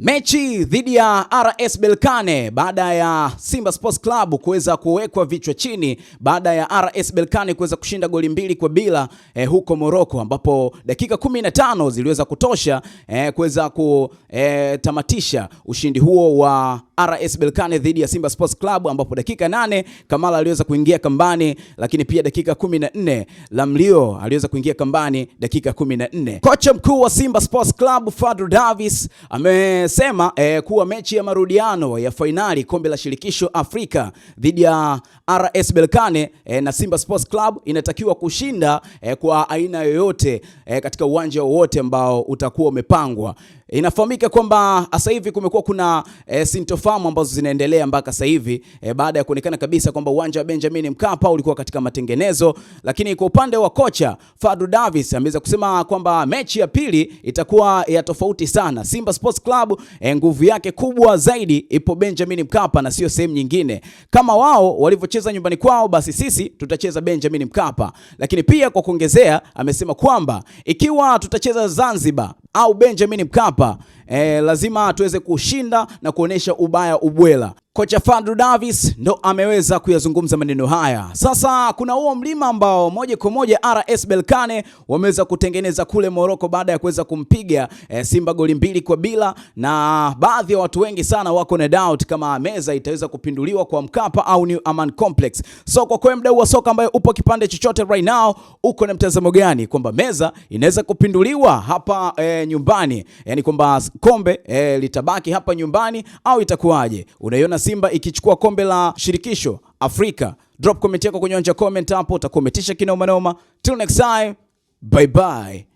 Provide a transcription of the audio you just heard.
Mechi dhidi ya RS belkane baada ya Simba Sports Club kuweza kuwekwa vichwa chini baada ya RS Belkane kuweza kushinda goli mbili kwa bila eh, huko Morocco ambapo dakika 15 ziliweza kutosha eh, kuweza kutamatisha eh, ushindi huo wa RS Belkane dhidi ya Simba Sports Club ambapo dakika nane Kamala aliweza kuingia kambani, lakini pia dakika 14 Lamlio aliweza kuingia kambani dakika 14. Kocha mkuu wa Simba Sports Club Fadru Davis ame imesema e, kuwa mechi ya marudiano ya fainali kombe la shirikisho Afrika dhidi ya RS Berkane e, na Simba Sports Club inatakiwa kushinda e, kwa aina yoyote e, katika uwanja wowote ambao utakuwa umepangwa. Inafahamika kwamba sasa hivi kumekuwa kuna e, sintofahamu ambazo zinaendelea mpaka sasa hivi e, baada ya kuonekana kabisa kwamba uwanja wa Benjamin Mkapa ulikuwa katika matengenezo, lakini kwa upande wa kocha Fadu Davis ameweza kusema kwamba mechi ya pili itakuwa ya tofauti sana. Simba Sports Club e, nguvu yake kubwa zaidi ipo Benjamin Mkapa na sio sehemu nyingine. Kama wao walivyocheza nyumbani kwao, basi sisi tutacheza Benjamin Mkapa. Lakini pia kwa kuongezea, amesema kwamba ikiwa tutacheza Zanzibar au Benjamin Mkapa E, lazima tuweze kushinda na kuonesha ubaya ubwela. Kocha Fadlu Davis ndo ameweza kuyazungumza maneno haya. Sasa kuna huo mlima ambao moja kwa moja RS Belkane wameweza kutengeneza kule Moroko baada ya kuweza kumpiga e, Simba goli mbili kwa bila, na baadhi ya watu wengi sana wako na doubt kama meza itaweza kupinduliwa kwa Mkapa au New Aman Complex. So kwa kwa mdau wa soka ambaye upo kipande chochote right now, uko na mtazamo gani kwamba meza inaweza kupinduliwa hapa e, nyumbani, yani eh, kwamba kombe eh, litabaki hapa nyumbani au itakuwaje? Unaiona Simba ikichukua kombe la shirikisho Afrika? Drop comment yako kwenye anja comment hapo, utakuwa umetisha kinoma noma. Till next time, bye bye.